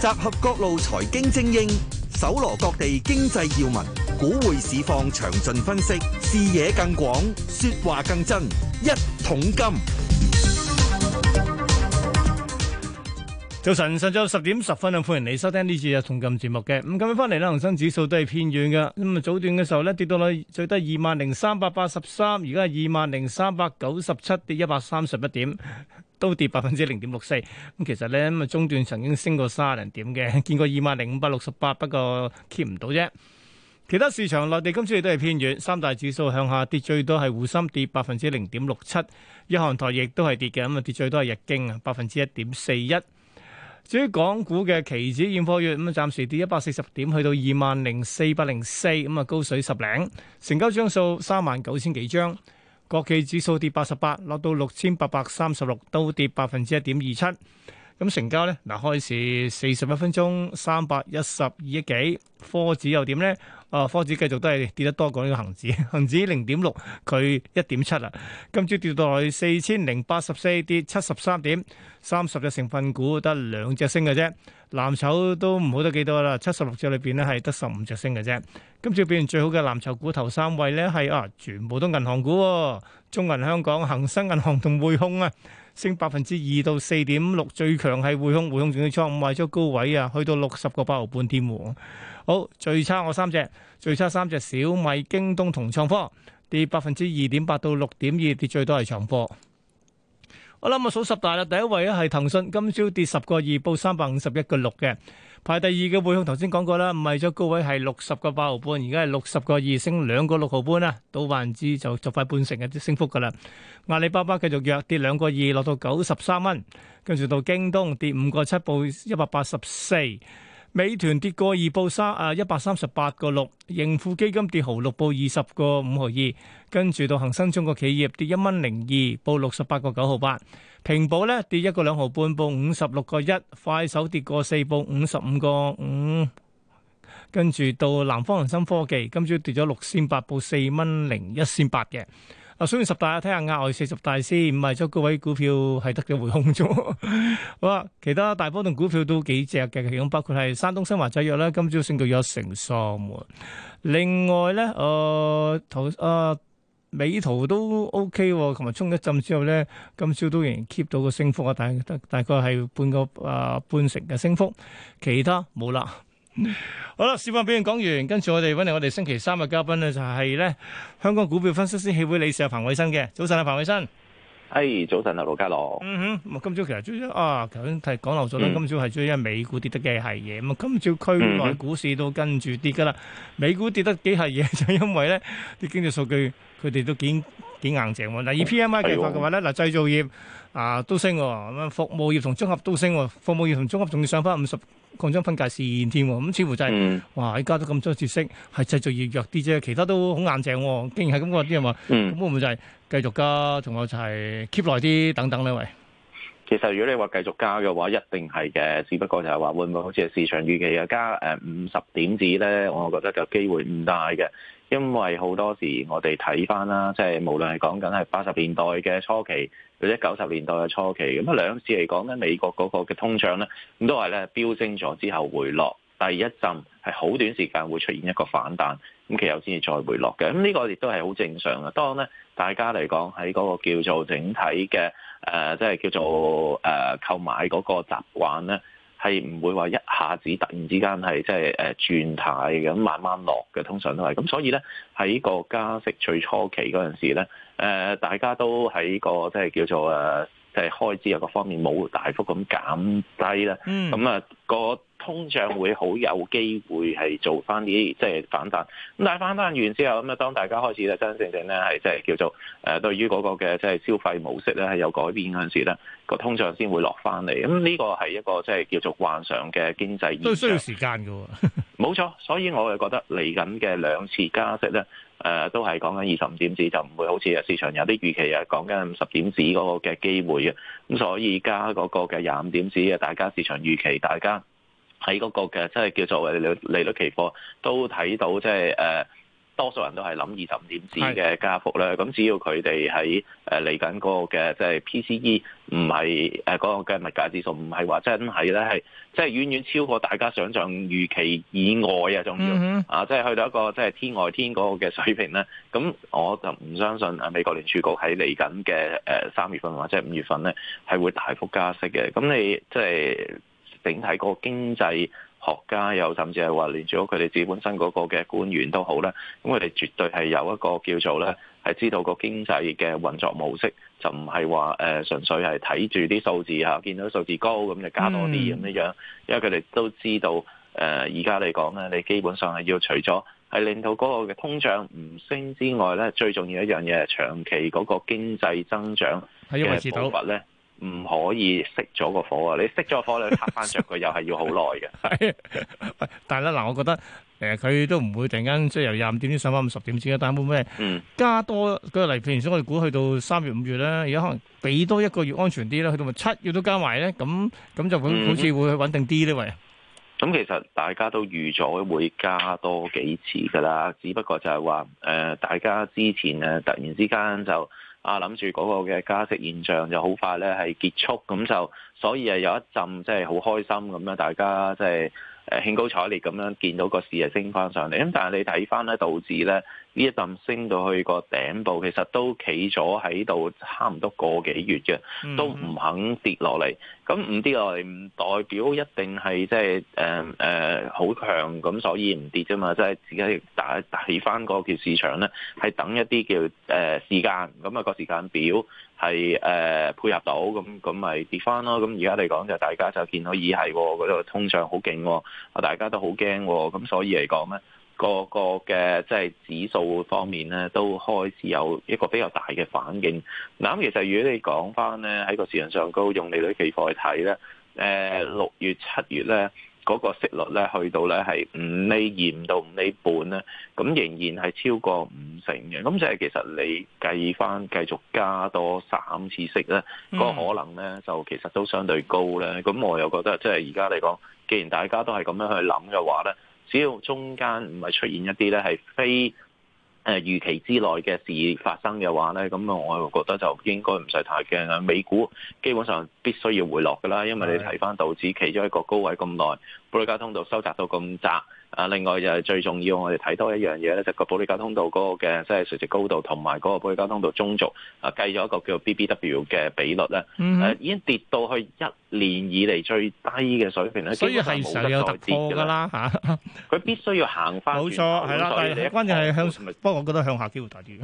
集合各路財經精英，搜羅各地經濟要聞，股匯市況詳盡分析，視野更廣，說話更真。一桶金，早晨，上晝十點十分，歡迎你收聽呢次嘅一桶金節目嘅。咁今日翻嚟啦，恒生指數都係偏軟嘅。咁早段嘅時候咧，跌到去最低二萬零三百八十三，而家係二萬零三百九十七，跌一百三十一點。都跌百分之零點六四，咁其實咧咁啊，中段曾經升過三十點嘅，見過二萬零五百六十八，不過 keep 唔到啫。其他市場內地今朝亦都係偏軟，三大指數向下跌，最多係滬深跌百分之零點六七，日韓台亦都係跌嘅，咁啊跌最多係日經啊百分之一點四一。至於港股嘅期指現貨月咁啊，暫時跌一百四十點，去到二萬零四百零四，咁啊高水十零，成交張數三萬九千幾張。國企指數跌八十八，落到六千八百三十六，都跌百分之一點二七。咁成交咧，嗱，開市四十一分鐘三百一十二億幾，科指又點咧？啊，科指繼續都係跌得多過呢個恒指，恒指零點六，佢一點七啦。今朝跌到去四千零八十四，跌七十三點，三十隻成份股得兩隻升嘅啫。藍籌都唔好得幾多啦，七十六隻裏邊咧，係得十五隻升嘅啫。今朝表現最好嘅藍籌股頭三位咧，係啊，全部都銀行股喎，中銀香港、恒生銀行同匯控啊。升百分之二到四點六，最強係匯控，匯控仲要創五萬咗高位啊，去到六十個八毫半添。好，最差我三隻，最差三隻小米、京東同創科，跌百分之二點八到六點二，跌最多係創科。我諗我數十大啦，第一位啊係騰訊，今朝跌十個二，報三百五十一個六嘅。排第二嘅匯控，頭先講過啦，唔係咗高位係六十個八毫半，而家係六十個二，升兩個六毫半啦，倒百分之就就快半成日都升幅噶啦。阿里巴巴繼續弱，跌兩個二，落到九十三蚊，跟住到京東跌五個七，報一百八十四。美團跌過二報三，誒一百三十八個六，盈富基金跌毫六報二十個五毫二，跟住到恒生中國企業跌一蚊零二，報六十八個九毫八，平保咧跌一個兩毫半，報五十六個一，快手跌過四報五十五個五，跟住到南方恒生科技今朝跌咗六先八，報四蚊零一先八嘅。啊，雖然十大睇下額外四十大先，唔係周高位股票係得咗回控咗。好啦，其他大波動股票都幾隻嘅，其中包括係山東新華製藥啦，今朝升到約成雙喎。另外咧，誒頭誒美圖都 O K 喎，同埋衝一陣之後咧，今朝都仍然 keep 到個升幅啊，但係得大概係半個啊半成嘅升幅，其他冇啦。好啦，示範表演講完，跟住我哋揾嚟，我哋星期三嘅嘉賓咧就係咧香港股票分析師協會理事彭偉新嘅。早晨啊，彭偉新，係早晨啊，盧家樂。嗯哼，今朝其實最啊頭先提講漏咗啦。今朝係最因為美股跌得幾係嘢。咁啊，今朝區內股市都跟住跌噶啦。美股跌得幾係嘢，就係因為咧啲經濟數據佢哋都幾幾硬淨喎。嗱，以 P M I 計法嘅話咧，嗱製造業啊都升，咁啊服務業同綜合都升，服務業同綜合仲要上翻五十。擴張分界線添喎，咁似乎就係、是嗯、哇！依家都咁多消息，係製造業弱啲啫，其他都好硬淨。竟然係咁講，啲人話，咁會唔會就係繼續加？仲有就係 keep 耐啲等等呢？位其實如果你話繼續加嘅話，一定係嘅，只不過就係話會唔會好似係市場預期嘅加誒五十點子咧？我覺得就機會唔大嘅。因為好多時我哋睇返啦，即係無論係講緊係八十年代嘅初期，或者九十年代嘅初期，咁啊兩次嚟講緊美國嗰個嘅通脹咧，咁都係咧飆升咗之後回落，第一陣係好短時間會出現一個反彈，咁其後先至再回落嘅，咁呢個亦都係好正常嘅。當咧大家嚟講喺嗰個叫做整體嘅誒，即、呃、係叫做誒購、呃、買嗰個習慣咧。係唔會話一下子突然之間係即係誒轉軚咁慢慢落嘅，通常都係咁，所以咧喺個加息最初期嗰陣時咧，誒、呃、大家都喺個即係叫做誒即係開支啊各方面冇大幅咁減低啦，咁啊、嗯嗰個。通脹會好有機會係做翻啲即係反彈，咁但係反彈完之後，咁啊當大家開始咧真真正正咧係即係叫做誒對、呃、於嗰個嘅即係消費模式咧係有改變嗰陣時咧，個通脹先會落翻嚟。咁呢個係一個即係、就是、叫做慣常嘅經濟，都需要時間嘅。冇 錯，所以我係覺得嚟緊嘅兩次加息咧，誒、呃、都係講緊二十五點指，就唔會好似啊市場有啲預期啊講緊五十點指嗰個嘅機會啊。咁所以加嗰個嘅廿五點指嘅，大家市場預期大家。喺嗰個嘅即係叫做利率期貨，都睇到即係誒，多數人都係諗二十五點子嘅加幅咧。咁是只要佢哋喺誒嚟緊嗰個嘅即係 PCE 唔係誒嗰個嘅物價指數，唔係話真係咧，係即係遠遠超過大家想象預期以外、mm hmm. 啊！仲要啊，即係去到一個即係、就是、天外天嗰個嘅水平咧。咁我就唔相信啊，美國聯儲局喺嚟緊嘅誒三月份或者五月份咧，係會大幅加息嘅。咁你即係。就是整體個經濟學家，又甚至係話連住咗佢哋自己本身嗰個嘅官員都好啦。咁佢哋絕對係有一個叫做咧，係知道個經濟嘅運作模式，就唔係話誒純粹係睇住啲數字嚇，見到數字高咁就加多啲咁樣樣，因為佢哋都知道誒而家嚟講咧，你基本上係要除咗係令到嗰個嘅通脹唔升之外咧，最重要一樣嘢係長期嗰個經濟增長嘅步伐咧。唔可以熄咗個火啊。你熄咗火，你拍翻着佢又係要好耐嘅。 但係咧嗱，我覺得誒，佢、呃、都唔會突然間即係由廿五點先上翻五十點先嘅。但係冇咩嗯，加多，舉個例，譬如我哋估去到三月、五月啦，而家可能俾多一個月安全啲啦，去到咪七月都加埋咧，咁咁就咁好似會穩定啲呢。嗯、喂，咁其實大家都預咗會加多幾次噶啦，只不過就係話誒，大家之前誒突然之間就。啊，諗住嗰個嘅加息現象就好快咧，係結束咁就。所以啊，有一陣即係好開心咁樣，大家即係誒興高采烈咁樣見到個市啊升翻上嚟。咁但係你睇翻咧，導致咧呢一陣升到去個頂部，其實都企咗喺度差唔多個幾月嘅，都唔肯跌落嚟。咁唔跌落嚟唔代表一定係即係誒誒好強咁，所以唔跌啫嘛。即係自己睇睇翻個條市場咧，係等一啲叫誒時間，咁啊個時間表。係誒、呃、配合到，咁咁咪跌翻咯。咁而家嚟講就，大家就見到二係喎，嗰、哎、度、那個、通脹好勁，啊大家都好驚，咁所以嚟講咧，個個嘅即係指數方面咧，都開始有一個比較大嘅反應。嗱，其實如果你講翻咧，喺個市場上高，用利率期貨去睇咧，誒、呃、六月七月咧。嗰個息率咧，去到咧係五厘二到五厘半咧，咁仍然係超過五成嘅。咁即係其實你計翻繼續加多三次息咧，個可能咧就其實都相對高咧，咁我又覺得即係而家嚟講，既然大家都係咁樣去諗嘅話咧，只要中間唔係出現一啲咧係非誒預期之內嘅事發生嘅話咧，咁啊，我又覺得就應該唔使太驚啦。美股基本上必須要回落㗎啦，因為你睇翻道指其中一個高位咁耐，保力加通道收窄到咁窄。啊！另外就係最重要，我哋睇多一樣嘢咧，就個、是、保力加通道嗰個嘅即係垂直高度同埋嗰個保力加通道中軸啊，計咗一個叫 BBW 嘅比率咧，嗯、哼已經跌到去一年以嚟最低嘅水平咧，所以係冇得再跌㗎啦嚇！佢 必須要行翻。冇錯，係啦，但係關鍵係向，不過我覺得向下機會大啲。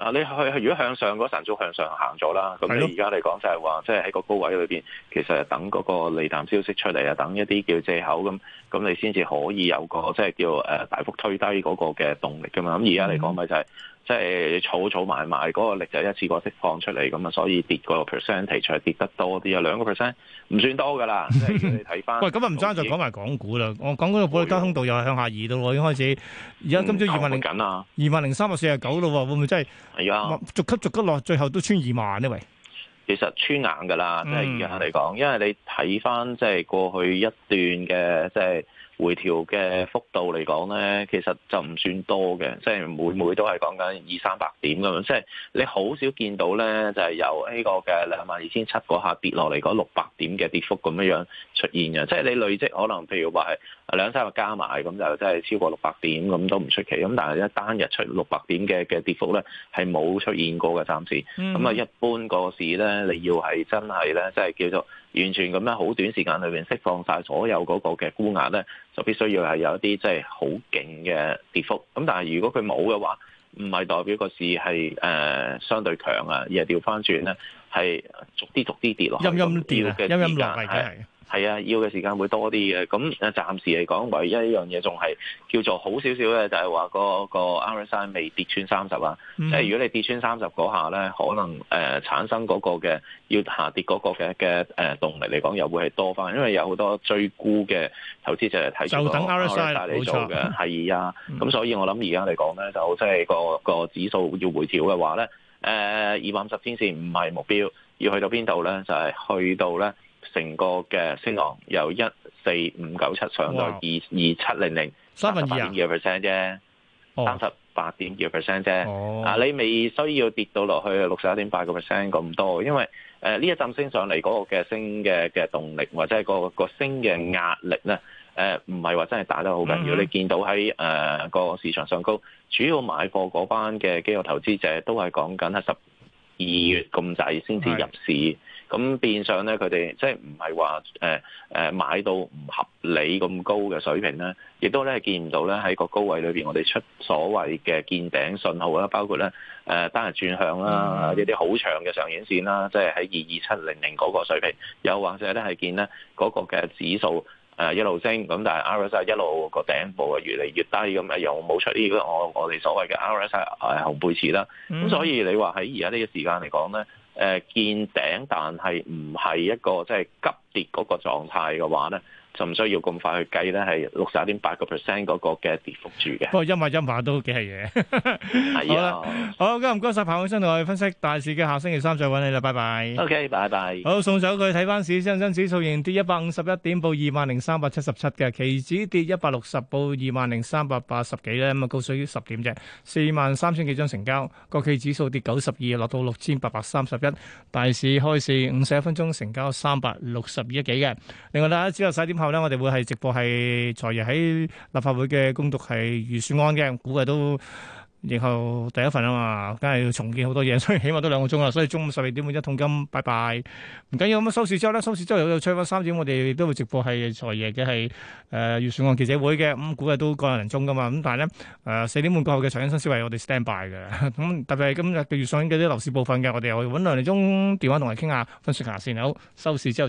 啊！你去，如果向上嗰陣早向上行咗啦，咁你而家嚟講就係話，即係喺個高位裏邊，其實等嗰個利淡消息出嚟啊，等一啲叫借口咁，咁你先至可以有個即係、就是、叫誒大幅推低嗰個嘅動力噶嘛。咁而家嚟講咪就係、是。嗯即係儲儲埋埋嗰個力就一次過釋放出嚟，咁啊，所以跌個 percent 出材跌得多啲啊，兩個 percent 唔算多噶啦。即係你睇翻。 喂，咁啊，唔爭就講埋港股啦。我講嗰個保力加通道又係向下移到，已經開始。而家今朝二萬零緊啊，二萬零三百四十九咯，會唔會真係？係啊、哎呀，逐級逐級落，最後都穿二萬呢？喂，其實穿硬噶啦，即係而家嚟講，因為你睇翻即係過去一段嘅即係。回調嘅幅度嚟講呢，其實就唔算多嘅，即係每每都係講緊二三百點咁樣，即係你好少見到呢，就係、是、由呢個嘅兩萬二千七嗰下跌落嚟嗰六百點嘅跌幅咁樣樣出現嘅，即係你累積可能譬如話係。兩三日加埋咁就真係超過六百點，咁都唔出奇。咁但係一單日出六百點嘅嘅跌幅咧，係冇出現過嘅暫時。咁啊、嗯，一般個市咧，你要係真係咧，即係叫做完全咁咧，好短時間裏邊釋放晒所有嗰個嘅沽壓咧，就必須要係有一啲即係好勁嘅跌幅。咁但係如果佢冇嘅話，唔係代表個市係誒、呃、相對強啊，而係調翻轉咧係逐啲逐啲跌落。陰陰跌啊，陰陰落嚟。係啊，要嘅時間會多啲嘅。咁誒，暫時嚟講，唯一一樣嘢仲係叫做好少少咧，就係話個個 RSI 未跌穿三十啊。即係、嗯、如果你跌穿三十嗰下咧，可能誒、呃、產生嗰個嘅要下跌嗰個嘅嘅誒動力嚟講，又會係多翻。因為有好多追沽嘅投資者嚟睇住個 RSI 嚟做嘅，係啊。咁、嗯、所以我諗而家嚟講咧，就即係、個個、個個指數要回調嘅話咧，誒二百五十天線唔係目標，要去到邊度咧？就係、係、去到咧。成個嘅升浪由一四五九七上到二二七零零，三分二嘅 percent 啫，三十八點二嘅 percent 啫。啊，哦、你未需要跌到落去六十一點八個 percent 咁多，因為誒呢一陣升上嚟嗰個嘅升嘅嘅動力或者係個個升嘅壓力咧，誒唔係話真係打得好緊要。嗯、你見到喺誒個市場上高，主要買貨嗰班嘅機構投資者都係講緊係十二月咁滯先至入市。嗯咁變相咧，佢哋即係唔係話誒誒買到唔合理咁高嘅水平咧，亦都咧係見唔到咧喺個高位裏邊，我哋出所謂嘅見頂信號啦，包括咧誒、呃、單日轉向啦，一啲好長嘅上影線啦，即係喺二二七零零嗰個水平，又或者咧係見咧嗰個嘅指數誒、呃、一路升，咁但係 RSI 一路個頂部啊越嚟越低咁，又冇出呢個我我哋所謂嘅 RSI 紅背馳啦。咁所以你話喺而家呢個時間嚟講咧，見、呃、見頂，但係唔係一個即係急跌嗰個狀態嘅話呢。就唔需要咁快去計咧，係六十一點八個 percent 嗰個嘅跌幅住嘅。不過一萬一萬都幾係嘢。係啊，好唔該曬彭偉新同我哋分析大市嘅，下星期三再揾你啦，拜拜。OK，拜拜。好，送上一句睇翻市，恒生指數仍跌一百五十一點，報二萬零三百七十七嘅。期指跌一百六十，報二萬零三百八十幾咧，咁啊高水於十點啫。四萬三千幾張成交。國企指數跌九十二，落到六千八百三十一。大市開市五十一分鐘成交三百六十二億幾嘅。另外咧，只有四點。後咧，我哋會係直播係財爺喺立法會嘅公讀係預算案嘅，估計都然後第一份啊嘛，梗係要重建好多嘢，所以起碼都兩個鐘啦。所以中午十二點半一桶金，拜拜。唔緊要咁啊，收市之後咧，收市之後又吹翻三點，我哋都會直播係財爺嘅係誒預算案記者會嘅，咁、嗯、估計都個人零鐘噶嘛。咁但係咧誒四點半過後嘅財經新思維，我哋 stand by 嘅。咁特別係今日嘅預算嘅啲樓市部分嘅，我哋又搵兩零鐘電話同你傾下分析下先。好，收市之後。